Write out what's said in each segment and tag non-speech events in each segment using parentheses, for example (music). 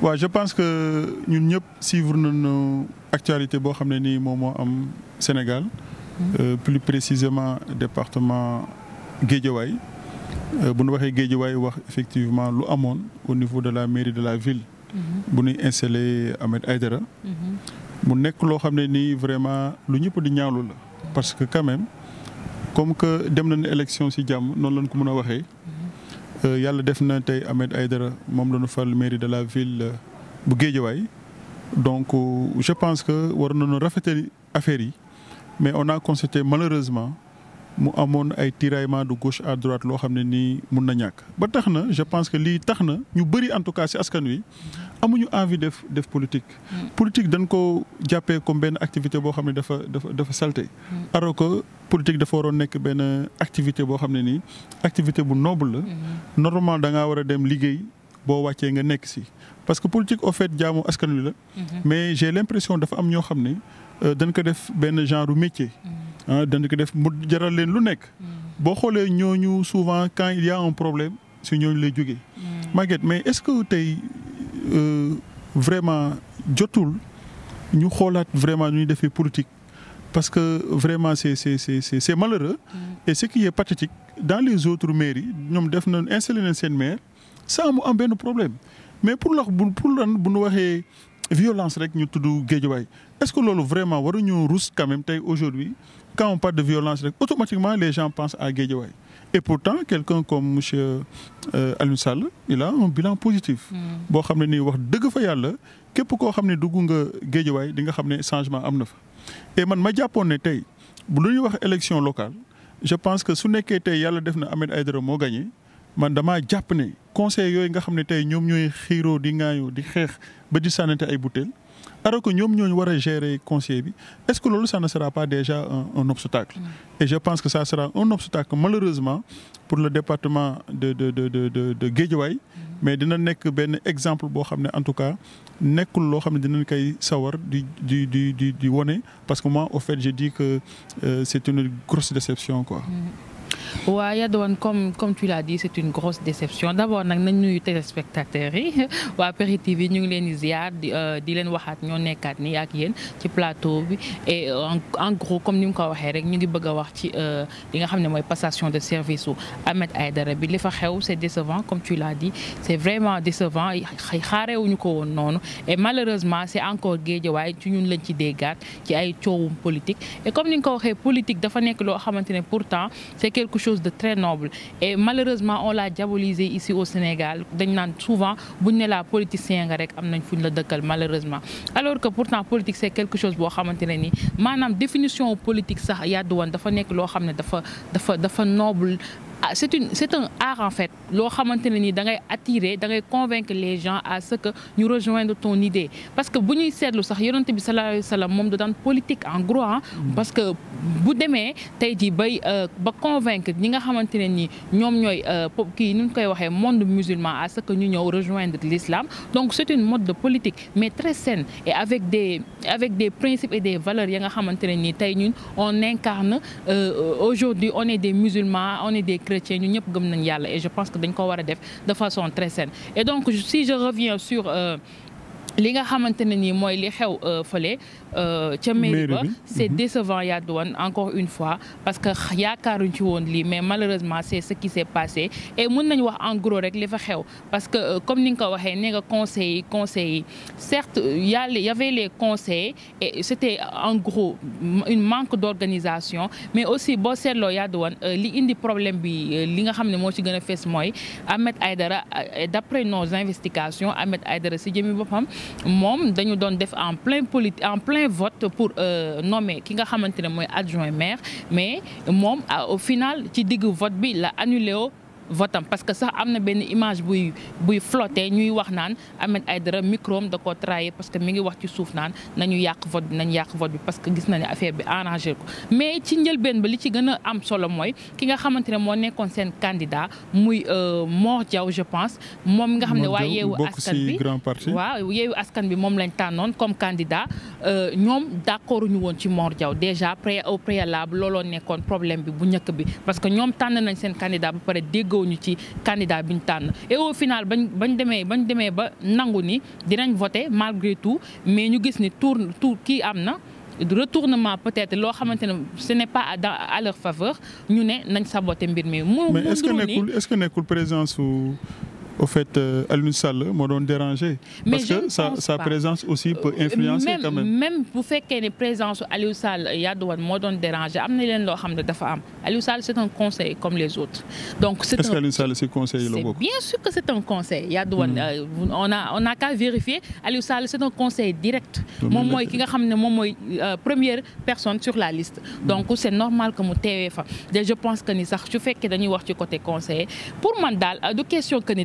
waa je pense que ñun ñëpp suivre nañu actualité boo xam ne nii moom moo am Sénégal mm-hmm. euh, plus précisément département Guédiawaye euh, bu nu waxee Guédiawaye wax effectivement lu amoon au niveau de la mairie de la ville mm-hmm. bu ñuy installé Ahmed Aïdara mm-hmm. mu nekk loo xam ne nii vraiment lu ñëpp di ñaawlu la parce que quand même comme que dem nañu élection ci jàmm noonu lañ ko mën a waxee Euh, yàlla def na tey Ahmed Aïdara moom la ñu fal mairie de la ville euh, bu Guédiawaye donc euh, je pense que war nañu rafetal affaire yi mais on a constaté malheureusement. mu amoon ay tiraillement de gauche à droite loo xam ne nii mun na ñàkk ba tax na je pense que lii tax na ñu bëri en cas ci askan wi amuñu envie def def politique. Mm. politique dañ ko jàppee comme benn activité boo xam ne dafa dafa dafa salté. Mm. alors que dafa waroon nekk benn activité boo xam ne nii activité bu noble la. Mm-hmm. normalement da ngaa war a dem liggéey boo wàccee nga nekk si parce que politique au fet jaamu askan wi la. Mm-hmm. mais j'ai l'impression dafa am ñoo xam ne euh, dañ ko def benn genre métier. Mm. dañu ko def mu jaral leen lu nekk. Hmm. boo xoolee ñooñu souvent quand il y a problème si ñooñu lay jógee. màgget hmm. mais est-ce que tey euh, vraiment jotul ñu xoolaat vraiment ñuy defee politique. parce que vraiment c'est c'est c'est c'est malheureux. Hmm. et ce qui est pathétique dans les autres mairies ñoom def na installé na seen maire sans mu am benn problème mais pour lax bu pour lan bu ñu waxee violence rek ñu tudd Guédiawaye est-ce que loolu vraiment waruñu rus quand même tey aujourd'hui quand on parle de violence, automatiquement les gens pensent à Guédiawaye. Et pourtant, quelqu'un comme M. Euh, Alun il a un bilan positif. Hmm. boo xam ne nii wax dëgg fa yàlla képp koo xam ne dugg nga Guédiawaye di nga xam ne changement am na fa. et man ma jàppoon ne tey bu lu ñuy wax élection locale je pense que su nekkee tey yàlla def na Ahmed Aïdara moo gagné man damaa jàpp ne conseil yooyu nga xam ne tey ñoom ñooy xiiro di ŋaayoo di xeex ba di sànnante ay butéel. alors que ñoom ñooñu war a gérer conseil bi est-ce que ra ça ne sera pas déjà un, un mm. et je pense que ça sera un obstacle malheureusement pour le département de de de de de, de mm. mais dina nekk benn exemple boo xam ne en tout cas nekkul loo xam ne dinañ koy sawar di di di di di wone parce que moi au fait je dis que euh, c'est une grosse déception quoi. Mm. waa Yadwan comme comme tu l'as dit c'est une grosse déception d'abord nag nañ nuyu téléspectateurs yi (laughs) waa Pexxe TV ñu ngi leen di ziar di euh, leen waxaat ñoo nekkaat ni ak yéen ci plateau bi e en gros comme ni mu ko waxee rek ñu ngi bëgg a wax ci euh, li nga xam ne mooy passation de service u ay Aïdara bi li fa xew c'est décevant comme tu l'as dit c'est vraiment décevant xaarewuñu ko woon noonu et malheureusement c'est encore waaye ci ñun lañ ci déggaat ci ay coowum politique comme ni nga ko waxee politique dafa nekk loo xamante ne pourtant c'est chose de très noble et malheureusement on l'a diabolisé ici au Sénégal dañ naan souvent buñ ne la politicien nga rek am nañ fu ñu la dëkkal malheureusement alors que pourtant politique c'est quelque chose boo xamante ne ni maanaam définition politique sax yàddu woon dafa nekk loo xam ne dafa dafa dafa noble ah c'est une c'est un art en fait loo xamante ne ni da ngay attirer da ngay les gens à ce que ñu rejoindre ton idée parce que bu ñuy seetlu sax yonent bi sallallahu alayhi moom da daan politique en gros ah. parce que bu demee tey jii bay euh, ba convaincre ñi nga xamante ne ni ñoom ñooy euh, kii nu nu koy waxee monde musulman à ce que ñu ñëw rejoindre l'islam donc c'est une mode de politique mais très saine et avec des avec des principes et des valeurs ya nga xamante ne ni tey ñun on incarne euh, aujourd'hui on est des musulmans on est chrétiens ñu ñëpp gëm nañ yàlla et je pense que dañ ko war a def de façon très saine et donc si je reviens sur euh, li nga xamante ne nii mooy li xew euh, fële euh, ca mairie ba c'est mhm. décevant wan encore une fois parce que yaakaaruñ ci woon lii mais malheureusement c'est ce qui s'est passé et mën nañu wax en gros rek li fa xew parce que euh, comme ni nga ko waxee nee nga conseils yi conseils yi certes y'a y avait les conseils et c'était en gros une manque d'organisation mais aussi boo seetloo Yadouane li indi problème bi li nga xam ne moo ci gën a fees mooy Ahmed Aïdara d'après nos investigations Ahmed Aïdara si jëmi boppam moom dañoo doon def en plein poli en plein vote pour euh, nommer ki nga xamante ne mooy adjoint maire mais moom au final ci digg vote bi la annulé votam parce que sax am na benn image buy buy flotté ñuy wax naan Ahmed Aïdara micro da koo trahir parce que mi ngi wax ci suuf naan nañu yàq vote bi nañu yàq vote bi parce que gis na ne affaire bi arrangé ko mais ci njëlbeen ba li ci gën am solo mooy ki nga xamante ne moo nekkoon seen candidat muy euh, Mor Diaw je pense moom nga xam ne waa yeewu askan bi waaw yeewu askan bi moom lañ tànnoon comme candidat euh, ñoom d'accord ñu woon ci Mor Diaw déjà pré au préalable looloo nekkoon problème bi bu njëkk bi parce que ñoom profitoo ñu ci candidat bi ñu tànn et au bañ bañ demee bañ demee ba nangu ni dinañ voté malgré tout mais ñu gis ni tour tour kii am na retournement peut-être loo xamante ne ce n'est pas à leur faveur ñu ne nañ saboté mbir mi. mu mu mais est est-ce que nekkul présence au fait euh, Aliou Sall moo doon déranger. parce que sa sa présence aussi peut euh, influencer quand même même bu fekkee ne présence Aliou Sall euh, Yadou na leen loo xam ne un conseil comme les autres. donc c' est est-ce que un conseil Yadou Wane hmm. on a on a qu'à vérifier Aliou un conseil direct. moom mooy ki nga xam ne hmm. donc c' normal que mu teewee fa. je pense que ni sax su fekkee dañuy wax ci côté conseil pour man daal question que ni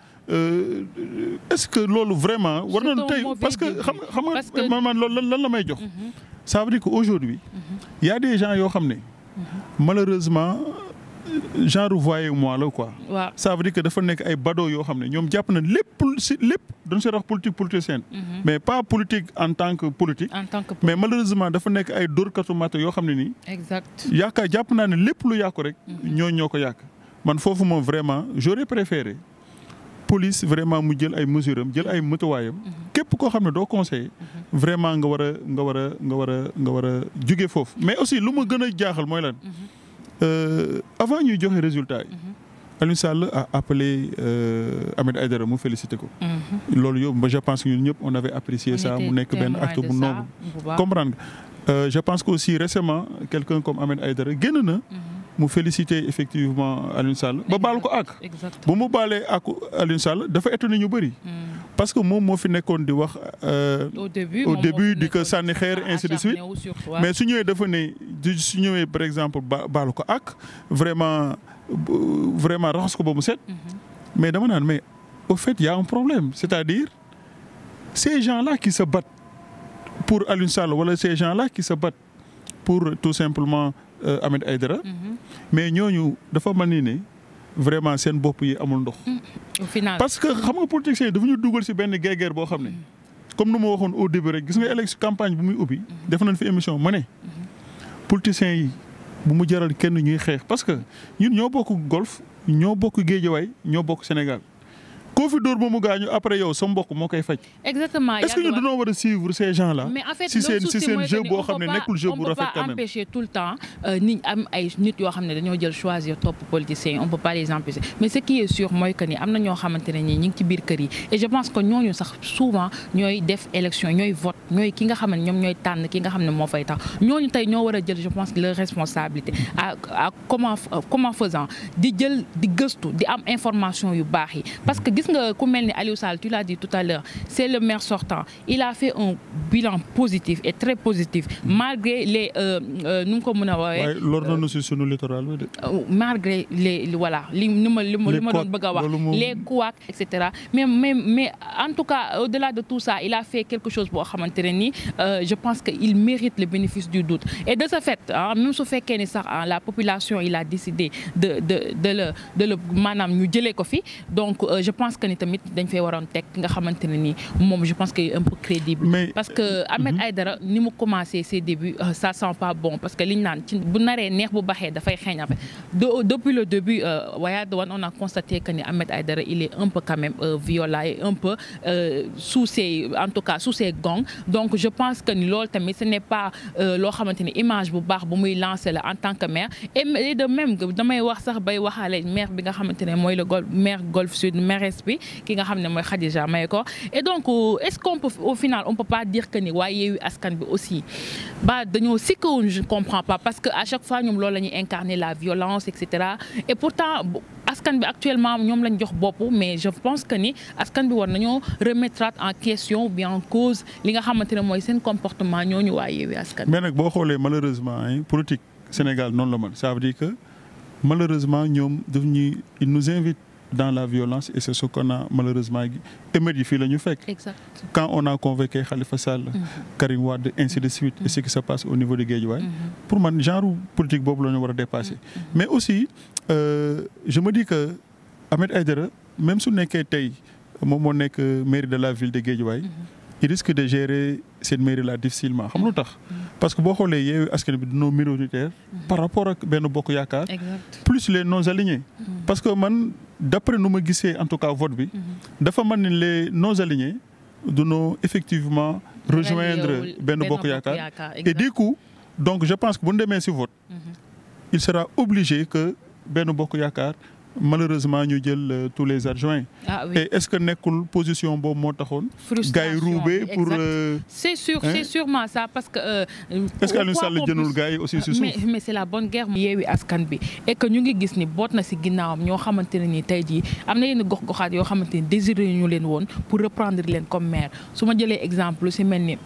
Euh, est-ce que loolu vraiment war na tey parce que xam xam nga man man loolu lan la may jox mm-hmm. ça veut dire que aujourd'hui mm-hmm. y a des gens yoo xam ne mm-hmm. malheureusement genre voyez-moi la quoi ça veut dire que dafa nekk ay bado yoo xam ne ñoom jàpp na lépp si lépp dañ si wax politique politicienne mais pas politique en tant que politique mais malheureusement dafa nekk ay dóorkatu mata yoo xam ne nii exact yaakaar jàpp naa ne lépp lu yàqu rek ñoo ñoo ko yàq man foofu moom vraiment j'aurais préféré police vraiment mu jël ay mesures am jël ay matuwaayam. Mhm. képp koo xam ne doo conseiller. Mhm. vraiment nga war a nga war a nga war a nga war a jóge foofu mais aussi lu ma gën a jaaxal mooy lan. Mhm. Euh, avant ñuy joxe résultat yi. Aliou Sall a appelé euh, Ahmed Aïdara mu félicité ko. loolu yow je pense que ñun ñëpp on avait apprécié ça mu nekk benn acte bu noble comprendre nga euh, pense que aussi récemment quelqu'un comme Ahmed Aïdara génn mu félicité effectivement Alioune Sall ba baal ko ak bu mu baalee ak Alioune Sall dafa étonné ñu bëri hmm. parce que moom moo fi nekkoon di wax euh, au début au début di ko sànni xeer ainsi de suite mais su ñëwee dafa ne su ñëwee par exemple ba baalu ko ak vraiment vraiment raxas ko ba mu set mm-hmm. mais dama naan mais au fait y a problème c'est-à-dire ces gens la qui se battent pour Alioune Sall wala ces gens-là qui se battent pour tout simplement Euh, Ahmed Aïdara. Mhm. mais ñooñu dafa mel ni ne vraiment seen bopp yi amul ndox. Mm, parce que xam nga politiciens yi dafa ñu dugal si benn guerre boo xam ne. Mm. comme nu ma waxoon au début rek gis nga élection campagne bu muy ubbi. Mm. def nañ fi émission ma ne. politiciens yi bu mu jaral kenn ñuy xeex parce que ñun ñoo bokk golf ñoo bokk géejawaay ñoo bokk Sénégal. koo fi dóor ba mu gaañu après yow sa mbokk moo koy faj. exactement est-ce que ñu dañoo war a suivre ces gens là. mais en fait si seen si seen jeu boo xam ne nekkul jeu bu rafet quand même on peut pas empêcher tout le temps euh, nit am ay nit yoo xam ne dañoo jël choisir topp politiciens yi on peut pas les empêcher mais ce qui est sûr mooy que ni am na ñoo xamante ne ñi ñu ngi ci biir kër yi et je pense que ñooñu sax souvent ñooy def élection ñooy vote ñooy ki nga xam ne ñoom ñooy tànn ki nga xam ne moo fay tax ñooñu tey ñoo war a jël je pense leur responsabilité à à comment euh, comment faisant di jël di gëstu di am information yu baax yi parce que gis nga ku mel ni Aliou Sall tu l'as dit tout à l'heure c'est le maire sortant il a fait un bilan positif et très positif mm. malgré les euh, euh, nu mu ko mën a woowee. waaye lor na nu sunu littoral bi de. Euh, malgré les voilà li nu ma li ma doon bëgg a wax les couacs et cetera mais mais mais en tout cas au-delà de tout ça il a fait quelque chose boo xamante ne ni je pense que il mérite le bénéfice du doute et de ce fait ah même su fekkee ni sax la population il a décidé de de de le de le maanaam ñu jëlee ko fi donc pense que ni tamit dañ fay waroon teg nga xamante ne ni moom je pense que un peu crédible. Mais, parce que mm-hmm. Ahmed Aïdara ni mu commencé ses débuts euh, ça pas bon parce que liñ naan ci neex bu baxee dafay xeeñ depuis le début euh, Wayad Wan on a constaté que ni Ahmed Aïdara il est un peu quand même euh, violent et un peu sous ses en donc je pense que ni loolu tamit ce n'est pas loo xamante image bu baax bu muy lancer la en tant que maire et de même damay wax liste ki nga xam ne mooy Khadija may ko et donc euh, est-ce qu'on peut final on peut pas dire que ni waaye Yewwi Askan bi aussi ba dañoo sikkoon je ne comprends pas parce que à chaque fois ñoom loolu la ñuy incarner la violence et cetera et pourtant askan bi actuellement ñoom lañ jox bopp mais je pense que ni askan bi war nañoo remettre en question ou bien en cause li nga xamante ne mooy seen comportement ñooñu waa Yewwi Askan Wi mais nag boo xoolee malheureusement politique Sénégal noonu la man ça veut que malheureusement ñoom daf ñuy il nous dans la violence et c'est ce qu'on a malheureusement émeute yi fii ñu fekk. exact on a convoqué Khalifa Sall. Mhm. Karim Wade ainsi de suite. et ce qui se passe au niveau de Guédiawaye. Mhm. pour man genre politique boobu la ñu war a dépasser. Mhm. mais aussi euh, je me dis que Ahmed Aïdara même su nekkee tey moom moo nekk mairie de la ville de Guédiawaye. il risque de gérer cette mairie là difficilement xam lu tax. parce que boo xoolee yeewu askan bi dañoo minoritaire mhm. par rapport ak benn bokk yaakaar. plus les non alignés. Mhm. parce que man d' nu ma gisee en tout cas vote bi. Mhm. dafa mën ni les non du dañoo effectivement. rejoindre benn bokk yaakaar et du coup donc je pense que bu ñu demee si vote. il sera obligé que benn bokk yaakaar. malheureusement ñu jël euh, tous les adjoints. ah et est-ce que nekkul position boobu moo taxoon. frustration ruubee pour. Euh, c'est sûr c'est sûrement ça parce que. Euh, est-ce que Aliou Sall jënul aussi si suuf. mais c'est la bonne guerre. yeewi askan bi et que ñu ngi gis ni boot na si ginnaawam ñoo xamante ne ni tey jii am na yenn gox-goxaat yoo xamante ni désiré ñu leen woon pour reprendre leen comme maire su ma jëlee exemple lu si mel ni.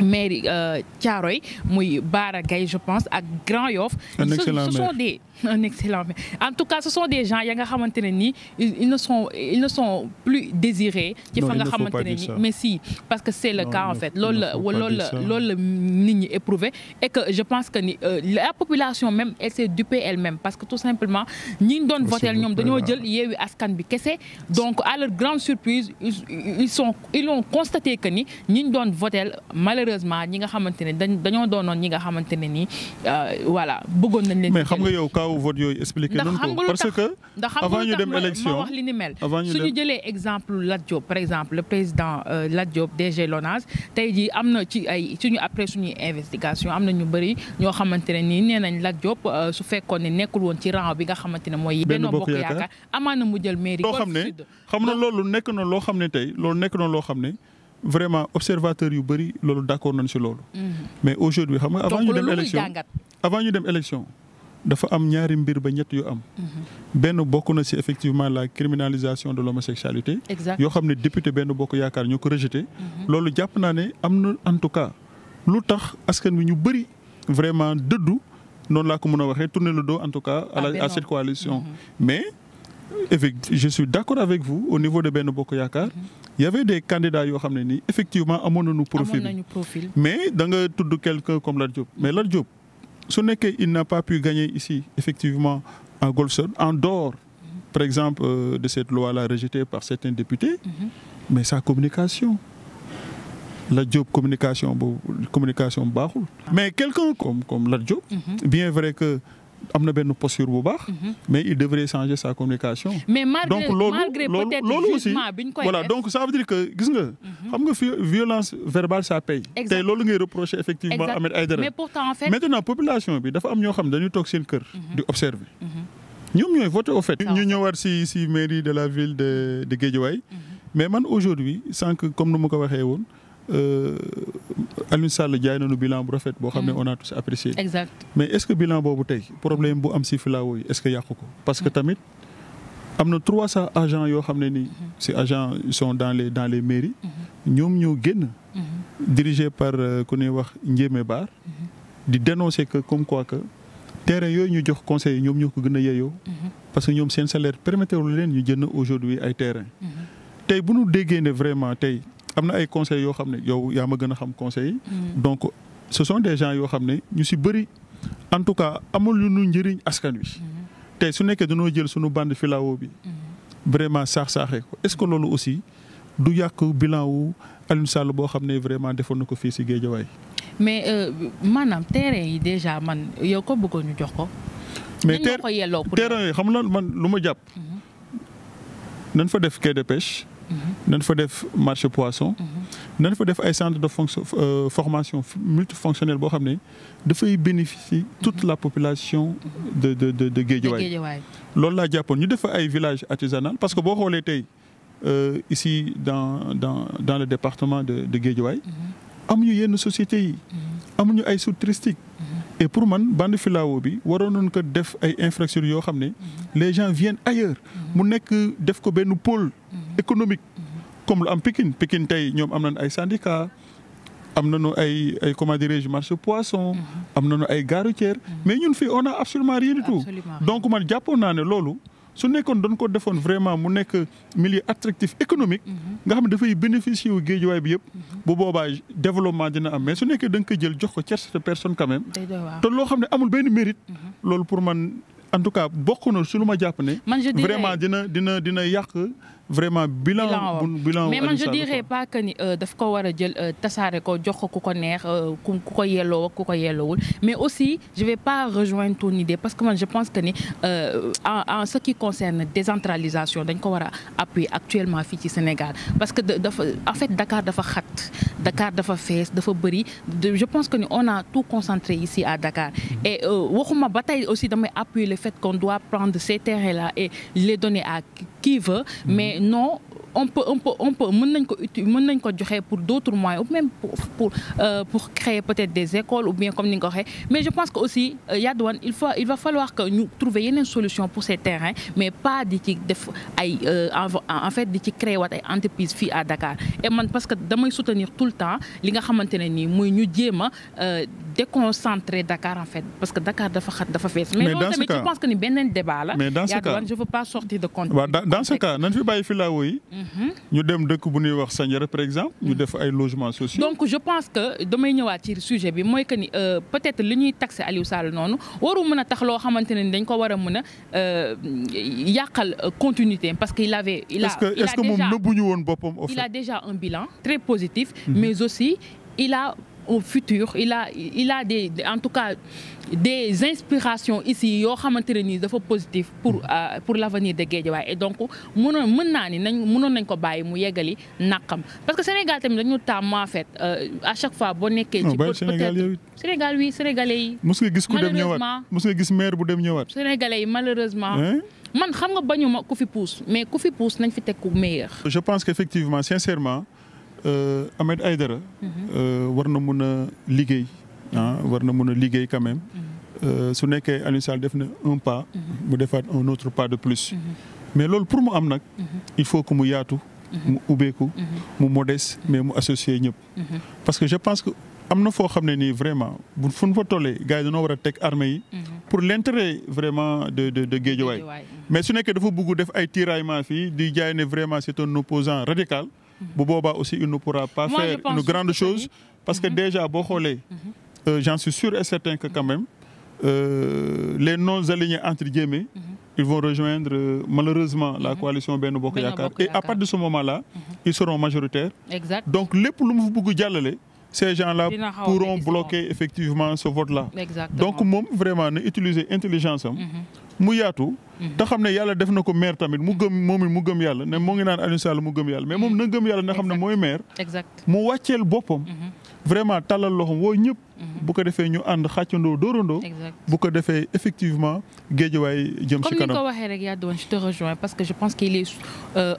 mairie euh, Thiaroye muy Bara Gaye je pense ak Grand Yoff ce sont des un excellent maire en tout cas ce sont des gens ya nga xamante ne nii ils ne sont ils ne sont plus désirés ci fa nga xamante ne nii mais si parce que c'est le cas en fait loolu la loolu la et que je pense que ni euh, la population même elle s'est dupée elle-même parce que tout simplement ñi ñu doon voter ñoom dañoo jël Yewwi Askan Wi kese donc à leur grande surprise ils ont constaté que ni ñi ñu doon malheureusement ñi nga xamante ne dañ dañoo doonoon ñi nga xamante ne ni euh, voilà bëggoon nañ leen. mais xam nga yow kaw vote yooyu expliqué nañ ko parce que avant ñu dem élection wax li ni mel suñu jëlee exemple Lat Diop par exemple le président euh, Lat Diop DG LONASE tey jii am na ci ay suñu après suñuy investigation am na ñu bëri ñoo xamante ne nii nee nañ Lat Diop euh, su fekkoon ne nekkul woon ci rang bi nga xamante ne mooy Benno Bokk Yaakaar amaan na mu mairie loo xam ne xam na loolu nekk na loo xam ne tey loolu nekk na loo xam ne vraiment observateurs yu bëri loolu d'accord nañ ci loolu. Mm-hmm. mais aujourd'hui xam nga avant ñu dem élection avant ñu dem élection dafa am ñaari mbir ba ñett yu am. Mm-hmm. benn bokk na ci effectivement la criminalisation de l'homosexualité yoo xam ne député benn bokk yaakaar ñoo ko rejeté. Mm-hmm. loolu jàpp naa ne am na en tout cas lu tax askan wi ñu bëri vraiment dëddu noonu laa ko mën a waxee tourner le dos en tout cas. à ah, cette coalition mais. je suis d'accord avec vous au niveau de Benno Bokk Yaakaar mhm. y avait des candidats yoo xam ne nii effectivement amoon nañu profil mais da nga tudd quelqu'un comme Lat Diop mais Lat Diop su nekkee il n'a pas pu gagner ici effectivement à Golson en dehors mhm. par exemple euh, de cette loi-là rejetée par certains députés mhm. mais sa communication la Diop communication boobu communication baaxul ah. mais quelqu'un comme comme Lat bien vrai que am na benn posture bu baax. Mhm. mais il devrait changer sa communication. mais malgré loolu loolu aussi donc ça veut que gis nga. Mhm. xam nga violence verbale ça paye. exactement loolu ngay reprocher effectivement Ahmed Aïdara. mais pourtant population bi dafa am ñoo xam dañuy toog seen kër. Mhm. di observer. ñoom ñooy voter au fait. ñu ñëwaat si si mairie de la ville de de mais man aujourd'hui sans que comme nu ma waxee woon. Euh, Aliou Sall jaay nañu bilan bu rafet boo xam ne mm. on a tous mais est ce que bilan boobu tey problème bu am si filao yi est ce que yàqu ko. parce que mm. tamit am na trois 300 agents yoo xam ne ni. si mm-hmm. agent ils sont dans les dans les mairies. Mm-hmm. ñoom ñoo génn. Mm-hmm. dirigé par euh, ku ñuy wax Ndiémé Baar. di dénoncer que comme quoi terrain yooyu ñu jox conseil ñoom ñoo ko gën a yeyoo. parce que ñoom seen salaire permettre leen ñu jënd aujourd'hui ay terrain tey bu ñu déggee ne am na ay conseils yoo xam ne yow yaa ma gën a xam conseils mm. donc ce sont des gens yoo xam ne ñu si bëri en tout cas amul lu nu njëriñ askan wi. Mm-hmm. te su nekkee danoo jël suñu bande filao bi. Mm-hmm. vraiment saax saaxee ko est loolu aussi du yàq bilan wu Aliou Sall boo xam ne vraiment defoon na ko fii si Géejawaay. mais euh, maanaam terrain yi déjà man yow ko bëggoon ñu jox ko. mais terrain yi xam lan man lu ma jàpp. Mm-hmm. nañ fa def quai de Mm-hmm. nañ fa def marché poisson. Mm-hmm. nañ fa def ay centre de fonction euh, formation multifonctionnelle boo xam ne dafay bénéficier toute la population de de de de Guédiawaye. loolu laa jàppoon ñu def fa ay village artisanal parce que boo xoolee tey euh, ici dans dans le département de de Guédiawaye. Mm-hmm. amuñu yenn société yi. amuñu ay sous touristique et pour man bande filao bi waroon nañu ko def ay infrastructures yoo xam ne les gens viennent ailleurs. mu nekk def ko benn pôle. économique comme lu am Pikine Pikine tey ñoom am nañu ay syndicat am nañu ay ay comment dirais-je marché poisson mhm. am nañu ay gare routière mhm. mais ñun fii on a absolument rien du tout donc man jàppoon naa ne loolu su nekkoon dañ ko defoon vraiment mu nekk milieu attractif économique mhm. nga xam ne dafay bénéficier wu géejuwaay bi yëpp bu boobaa développement dina am mais su nekkee da nga ko jël jox ko tierce personne quand même te loo xam ne amul benn mérite loolu pour en tout cas bokk na su lu ma jàpp ne. man je dirais vraiment dina dina dina yàq vraiment bilan. bilan mais man je dirais pas que ni euh, daf ko war a jël euh, tasaare ko jox ko ku ko neex euh, ku ko yelloo ku ko yelloowul mais aussi je vais pas rejoindre ton idée parce que man je pense que ni en en ce qui concerne décentralisation dañ ko war a appuyer actuellement fii ci Sénégal parce que dafa en fait Dakar dafa xat Dakar dafa fees dafa bëri je pense que ni on a tout concentré ici à Dakar et waxuma ba tey aussi damay appuyer fait qu'on doit prendre ces terrains-là et les donner à qui veut, mhm. mais non on peut on peut on peut joxe pour d' autres moyens ou même pour pour euh, pour créer peut-être comme ni nga ko waxee mais je pense que aussi euh, Yadouane il faut il va falloir mais pas di ci def ay euh, en ci créer waat ay entreprise fii à Dakar et man parce que damay soutenir tout le temps li nga xamante ne nii muy ñu jéem a euh, déconcentrer Dakar en fait parce que Dakar dafa xat dafa fees. mais loolu tamit je pense que ni beneen débat la. mais dans ce cas Yadouane pas sortir de compte. dans ce cas nañ fi bàyyi filaawo yi. Mm. ñu dem dëkk bu nuy wax Sandiara par exemple ñu def ay logements sociaux. donc je pense que damay ñëwaat ci sujet bi mooy que ni euh, peut-être li ñuy taxé Aliou Sall noonu waru mën a tax loo xamante ne dañ ko war a mën a euh, yàqal euh, continuité parce que il avait. il a est woon boppam. il a déjà un bilan très positif. Mhm. mais aussi il a. un futur il a il a en tout cas des inspirations ici yoo xamante ne nii dafa positif pour mm. euh, pour l'avenir de Guédiawaye et donc mënoon mën naa ni nañ mënoon nañ ko bàyyi mu yeggali naqam parce que Sénégal tamit dañu tàmm en fait euh, à chaque fois boo nekkee. ci peut être Sénégal oui sénégalais yi. mos nga gis ku dem ñëwaat mos nga gis maire bu dem ñëwaat. sénégalais yi malheureusement. man xam nga bañu ma ku fi pousse mais ku fi pousse nañ fi teg ko meilleur. je pense qu'effectivement sincèrement. Euh, Ahmed Aïdara mhm. euh, war na mun a liggéey ah, war na mun a liggéey quand même mhm. euh, su nekkee Aliou Sall def na un pas mhm. mu defaat un autre pas de plus mais loolu pour mu am nag il faut que mu yaatu mu ubbeeku mu modeste mais mu associé ñëpp parce que je pense que am na foo xam ne nii vraiment bu fu ñu fa tollee gars yi dañoo war a teg armée yi pour l'intérêt vraiment de de de Guédiawaye mais su nekkee dafa bugg def ay tiraillement fii di jaay ne vraiment c'est un opposant radical bu boobaa aussi il ne pourra pas faire une grande chose parce que mhm. déjà boo xoolee mhm. euh, j'en suis sûr et certain que quand même euh, les non alignés entre guillemets mhm. ils vont rejoindre euh, malheureusement la coalition Benno Bokk Yaakaar et à partir de ce moment-là ils seront majoritaires exact donc lépp lu mu bëgg jàllale ces gens-là pourront bloquer effectivement ce vote-là. donc moom vraiment na utiliser intelligence am. Mhm. mu yaatu. Mhm. te ne yàlla def na ko maire tamit mu gëm moom mu gëm yàlla ne moo ngi naan Aliou Sall mu gëm yàlla mais moom mhm. na gëm yàlla na xam ne mooy maire. mu wàcceel boppam. vraiment tàllal loxoom woo ñëpp. bu ko defee ñu ànd xàccandoo dóorandoo. bu ko defee effectivement géejewaay jëm ci kanam. comme ni que je pense qu'il est euh,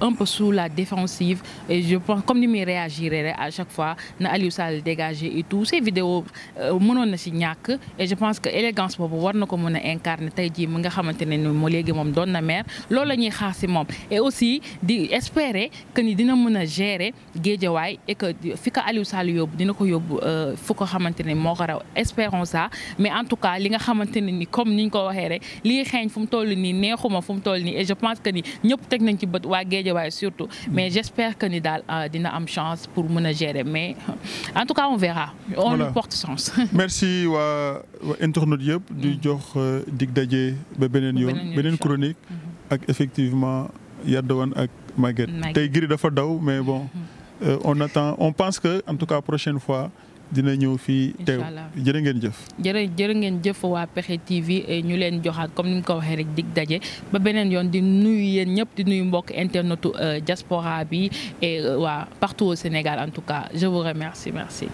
comme ni muy réagir rek à chaque fois na Aliou Sall dégagé et tout ces vidéos euh, mënoon na si ñàkk et je pense que élégance boobu war na ko mën a incarner tey jii mi nga xamante ne nii moo léegi moom doon na maire loolu la xaar si moom et aussi di espérer que ni dina mën a gérer géejewaay et que fi ko Aliou Sall yóbbu dina ko yóbbu euh, fu ko xamante moo ko raw espérons ça mais en tout cas li nga xamante ne ni comme niñ ko waxee rek lii xeeñ fu mu toll nii neexuma fu mu toll nii et je pense que ni ñëpp teg nañ ci bët waa Guédiawaye surtout mm. mais j'espère que ni daal euh, dina am chance pour mën a gérer mais (laughs) en tout cas on verra. on lui porte chance. (laughs) merci waa internaute yëpp. di mm. jox euh, dig daje ba beneen yoon beneen chronique. Mm-hmm. ak effectivement Yardawan ak Maguette. tey giri dafa daw mais bon. Mm-hmm. Euh, on attend on pense que en tout cas prochaine fois. dina ñëw fii teew jërë ngeen jëf. jër jërë ngeen jëf waa Pexxe TV eh, ñu leen joxaat comme ni ñu ko waxee rek dig daje ba beneen yoon di nuyu yéen ñëpp di nuyu mbokk internetu eh, diaspora bi e waa partout au Sénégal en tout cas je vous remercie merci.